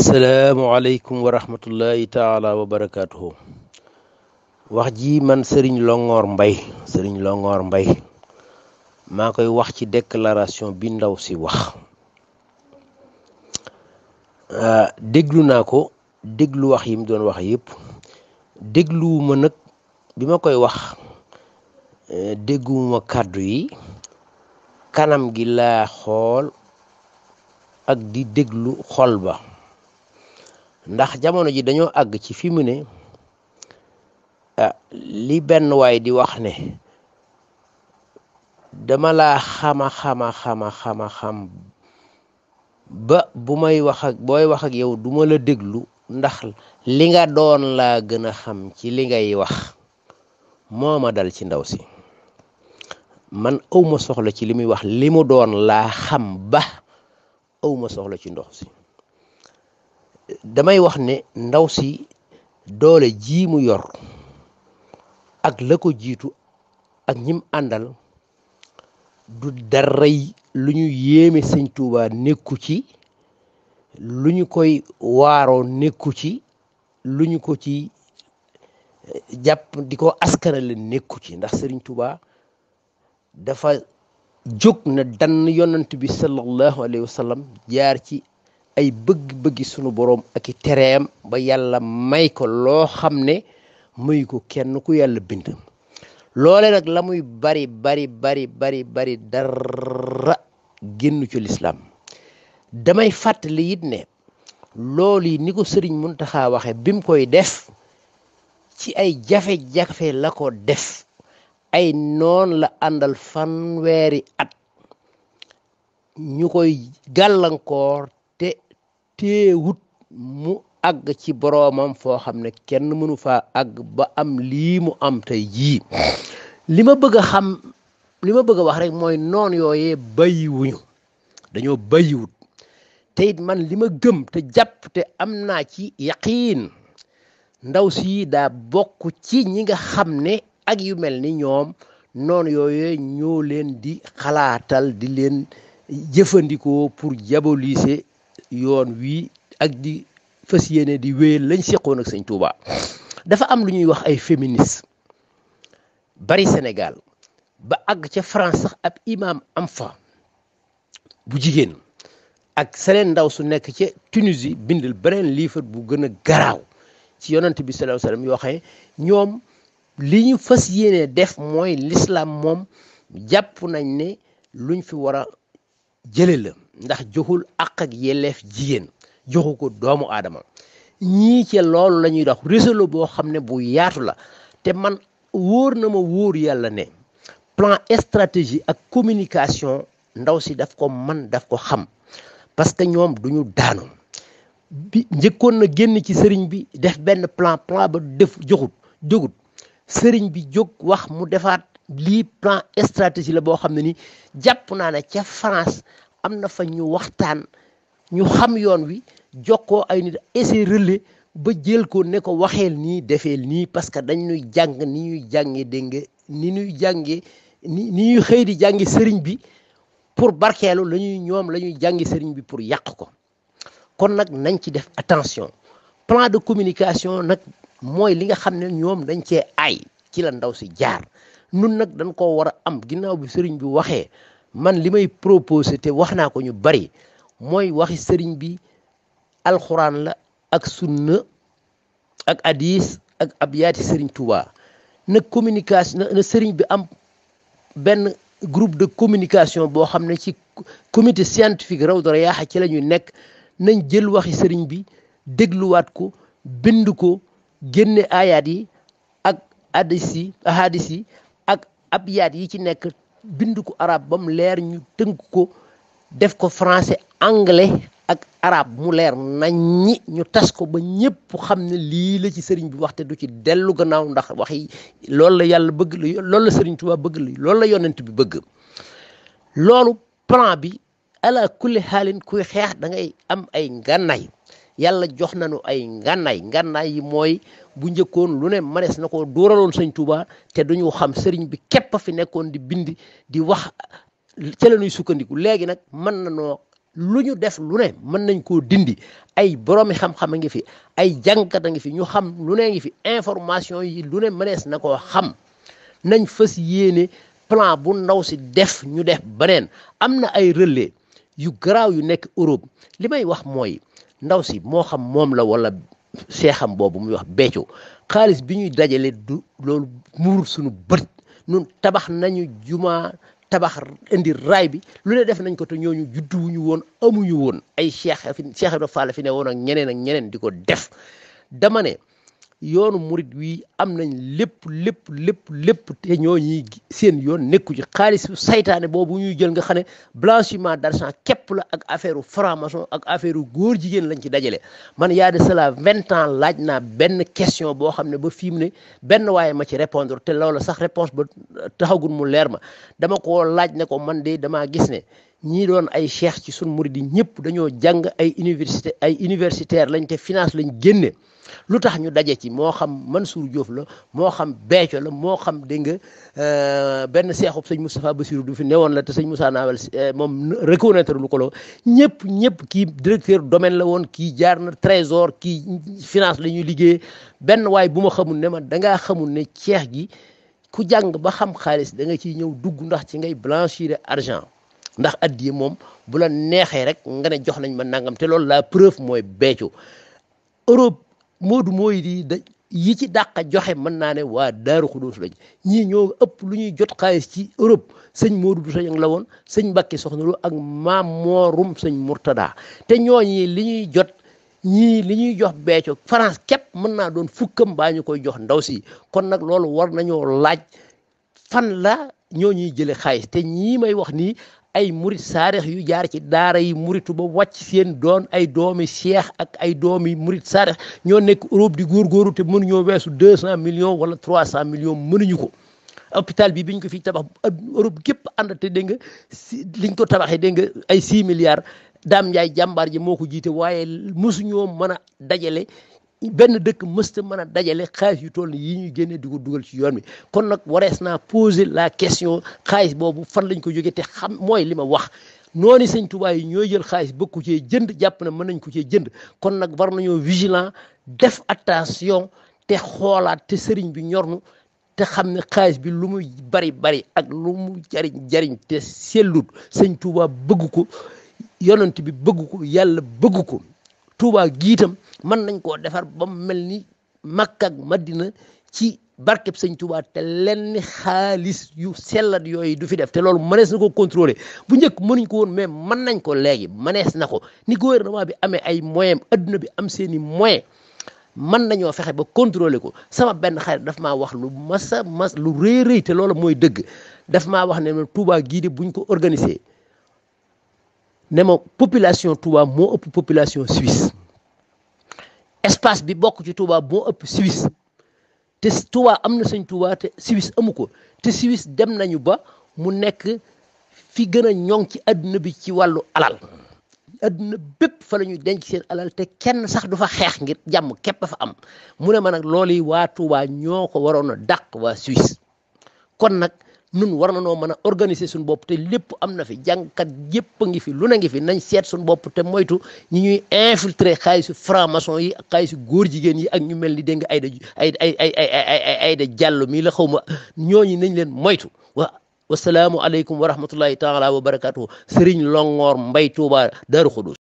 asalaamualeykum wa rahmatullahi taala wa barakaatuhu wax ji man sëriñ Longhor Mbaye sëriñ Longhor Mbaye maa koy wax ci déclaration bi ndaw si wax ah, déglu naa ko déglu wax yi mu doon wax yëpp dégluwuma nag bi ma koy wax eh, dégguwuma kàddu yi kanam gi laa xool ak di déglu xol ba ndax jamono ji dañoo àgg ci fimu mu ne ah, li benn waay di wax ne dama laa xama xama xama xama xam ba bu may wax ak booy wax ak yow duma la déglu ndax li nga doon laa gën a xam ci li ngay wax moo ma dal ci ndaw si man awma soxla ci li muy wax li mu doon laa xam ba awma soxla ci ndox si damay wax ne ndaw si doole ji mu yor ak la ko jiitu ak ñim àndal du daray lu ñu yéeme sëñ Tuuba nekku ci lu ñu koy waaroo nekku ci luñu ko ci jàpp di ko askanale nekku ci ndax sëriñ Tuuba dafa jóg na dann yonant bi sallallahu alayhi wa jaar ci ay bëgg-bëggi sunu boroom ak i tereem ba yàlla may ko loo xam ne muy ko kenn ku yàlla bind loole nag la muy bari bari bari bari bari dara génn ci lislaam damay fàttali it ne loolu yi ni ko sëriñ Muntaxa waxe bi mu koy def ci ay jafe-jafe la ko def ay noon la àndal fanweeri at ñu koy gàllankoor wut mu àgg ci boroomam foo xam ne kenn mënu fa àgg ba am lii mu am tey jii li ma bëgg a xam ma bëgg a wax rek mooy noon yooye bayiwuñu dañoo bayiwut te it man li ma gëm te jàpp te am naa ci yaqiin ndaw sii daa bokk ci ñi nga xam ne ak yu mel ni ñoom noon yooye ñoo leen di xalaatal di leen jëfandikoo pour diaboliser yoon wii ak di fas yéene di wéyal lañ seqoon ak sëñ Touba dafa am lu ñuy wax ay féministes bari Sénégal ba àgg ca France sax ab imam am fa bu jigéen ak seneen ndaw su nekk ca Tunisie bindal beneen livre bu gën a garaaw ci yonant bi sallallahu alayhi yoo xëye ñoom li ñu fas yéene def mooy lislaam moom jàpp nañ ni luñ fi war a jële la ndax joxul àq ak yelleef jigéen joxu ko doomu aadama ñii ci loolu la ñuy dox réseau la boo xam ne bu yaatu la te man wóor na ma wóor yàlla ne plan stratégie ak communication ndaw si daf ko man daf ko xam parce que ñoom duñu daanu njëkkoon na génn ci sëriñ bi def benn plan plan ba def joxut jógut sëriñ bi jóg wax mu defaat lii plan stratégie la boo xam ne ni jàpp naa ne ca France am na fa ñu waxtaan ñu xam yoon wi jokkoo ay nit essayer relais ba jël ko ne ko waxeel nii defeel nii parce que dañ ñuy jàng ni ñuy jàngee dégg nga ni ñuy jàngee ni ni ñuy xëy di jàngi sëriñ bi pour barkeelu la ñuy ñoom lañuy ñuy jàngi sëriñ bi pour yàq ko kon nag nañ ci def attention plan de communication nag mooy li nga xam ne ñoom dañ cee ay ci la ndaw si jaar nun nag dañ ko war a am ginnaaw bi sëriñ bi waxee man li may proposé te wax naa ko ñu bari mooy waxi sëriñ bi alxuraan la ak sunna ak adis ak abyaati sëriñ Touba na communication na sëriñ bi am benn groupe de communication boo xam ne ci commité scientifique Rawdu Rayaaxa ci la ñuy nekk nañ jël waxi sëriñ bi dégluwaat ko bind ko génne aayaat yi ak hadis yi ak abyaat yi ci nekk bind ko arab ba mu leer ñu tënk ko def ko français anglais ak arab mu leer nañ ñi ñu tas ko ba ñëpp xam ne lii la ci sëriñ bi waxte du ci dellu gannaaw ndax wax yi loolu la yàlla bëgg la loolu la sëriñ bëgg la loolu la yonent bi bëgg loolu plan bi ala kulli xaalin kuy xeex da ngay am ay ngànnaay yàlla jox nañu ay ngànnaay ngànnaay yi mooy bu njëkkoon lu ne manees na ko dóoraloon sëñ Touba te duñu xam sëriñ bi képp fi nekkoon di bindi di wax ca la ñuy sukkandiku léegi nag mën nañoo lu ñu def lu ne mën nañ koo dindi ay boroomi xam a ngi fi ay jàngkat a ngi fi ñu xam lu ne ngi fi information yi lu ne manees na ko xam nañ fas yéene plan bu ndaw si def ñu def beneen am na ay relais yu garaaw yu nekk Europe li may wax mooy ndaw si moo xam moom la wala seexam boobu muy wax beccu xaalis bi ñuy dajale du loolu muurul suñu bët nun tabax nañu jumaa tabax indi raay bi lu ne def nañ ko te ñooñu judduwuñu woon amuñu woon ay cheikh fi cheikh Ibra Fall fi ne woon ak ñeneen ak ñeneen di ko def damane yoonu murit wi am nañ lépp lépp lépp lépp te ñoo ñuy seen yoon nekku ci xaalis saytaane boobu ñuy jël nga xam ne blanchiment d'argent képp la ak affaire u ak affaire u jigéen lañu ci dajale man yaa de cela vingt ans laaj naa benn question boo xam ne ba fii ne benn waaye ma ci répondre te loola sax réponse ba taxagul mu leer ma dama ko laaj ne ko man de damaa gis ne ñii doon ay cheikh ci sun murit yi ñëpp dañoo jàng ay université ay universitaire lañ te finance lañ génne lu tax ñu daje ci moo xam man Mansour Diouf la moo xam Béthio la moo xam dégg nga euh, benn seexub sëñ Moustapha Bassirou du fi newoon la te sëñ Moussa Nawel euh, moom reconnaître lu ko la ñëpp ñëpp kii directeur domaine la woon kii jaar na trésor kii finance la ñuy liggéey benn waay bu ma xamul ne ma dangaa xamul ne ceex gi ku jàng ba xam xaalis da nga ciy ñëw dugg ndax ci ngay blanchir argent ndax addiye moom bu la neexee rek nga ne jox nañ ma nangam te loolu la preuve mooy Béthio moodu mooy di da yi ci dàq joxe mën naa ne waa daaru xudóos lañ ñii ñoo ëpp lu ñuy jot xaalis ci Europe sëñ moodu du sañ la woon sëñ Mbàkke soxna lu ak maam moorum sëñ Murtada te ñooñi li ñuy jot ñii li ñuy jox beeco France képp mën naa doon fukkam baa ñu koy jox ndaw si kon nag loolu war nañoo laaj fan la ñoo ñuy jële xaalis te ñii may wax nii ay murit saarex yu jaar ci daara yi muritu ba wàcc seen doon ay doomi cheikh ak ay doomi murit saarex ñoo nekk Europe di góorgóoru te mënuñoo weesu deux cent millions wala trois cent millions mënuñu ko hôpital bi biñ ko fi tabax Europe gépp ànd te dégg nga si liñ ko tabaxee dégg nga ay six milliards Dame Ndiaye jàmbaar ji moo ko jiite waaye mosuñoo mën a dajale benn dëkk mësta mën a dajale xaalis yu toll ni yi ñuy génne di dugal ci yoon mi kon nag warees naa poser la question xaalis boobu fan lañ ko jógee te xam mooy li ma wax noonu sëñ Tuubaa yi ñooy jël xaalis bëgg ko cee jënd jàpp na mën nañ ko cee jënd kon nag war nañoo vigilant def attention te xoolaat te sëriñ bi ñornu te xam ne xaalis bi lu muy bari bari ak lu mu jariñ jariñ te sellut sëñ Tuubaa bëgg ko yonent bi bëgg ko yàlla bëgg ko Tuubaa giitam mën nañ koo defar ba mel ni Makka ak Madina ci barkeb sëñ Tuubaa te lenn xaalis yu sellat yooyu du fi def te loolu mënees na ko contrôler bu njëkk mënuñ ko woon mais mën nañ ko léegi manees na ko ni gouvernement bi amee ay moyens adduna bi am seeni moyens mën nañoo fexe ba contrôler ko sama benn xarit daf maa wax lu masa mas lu rëy rëy te loolu mooy dëgg daf maa wax ne ma Touba gii de buñ ko organiser ne ma population Touba moo ëpp population Suisse espace bi bokk ci Touba boo ëpp Suisse te Touba am na sëñ Touba te Suisse amu ko te Suisse dem nañu ba mu nekk fi gën a ñoŋ ci àdduna bi ci wàllu alal addina bépp fa la ñuy denc seen alal te kenn sax du fa xeex ngir jàmm képp fa am mu ne ma nag loolu yi waa ñoo ko waroon a dàq waa Suisse kon nag. nun war na noo mën a organiser suñu bopp te lépp am na fi jàngkat yépp a ngi fi lu na ngi fi nañ seet suñu bopp te moytu ñi ñuy infiltrer xaalisu franc yi ak xaalisu góor jigéen yi ak ñu mel ni dégg nga ay da ay ay ay ay ay da jàll mii la xaw ma ñooñu nañ leen moytu wa wasalaamu aleykum wa rahmatullahi taala wa barakatuhu sëriñ longoor mbay tuuba daaru xudus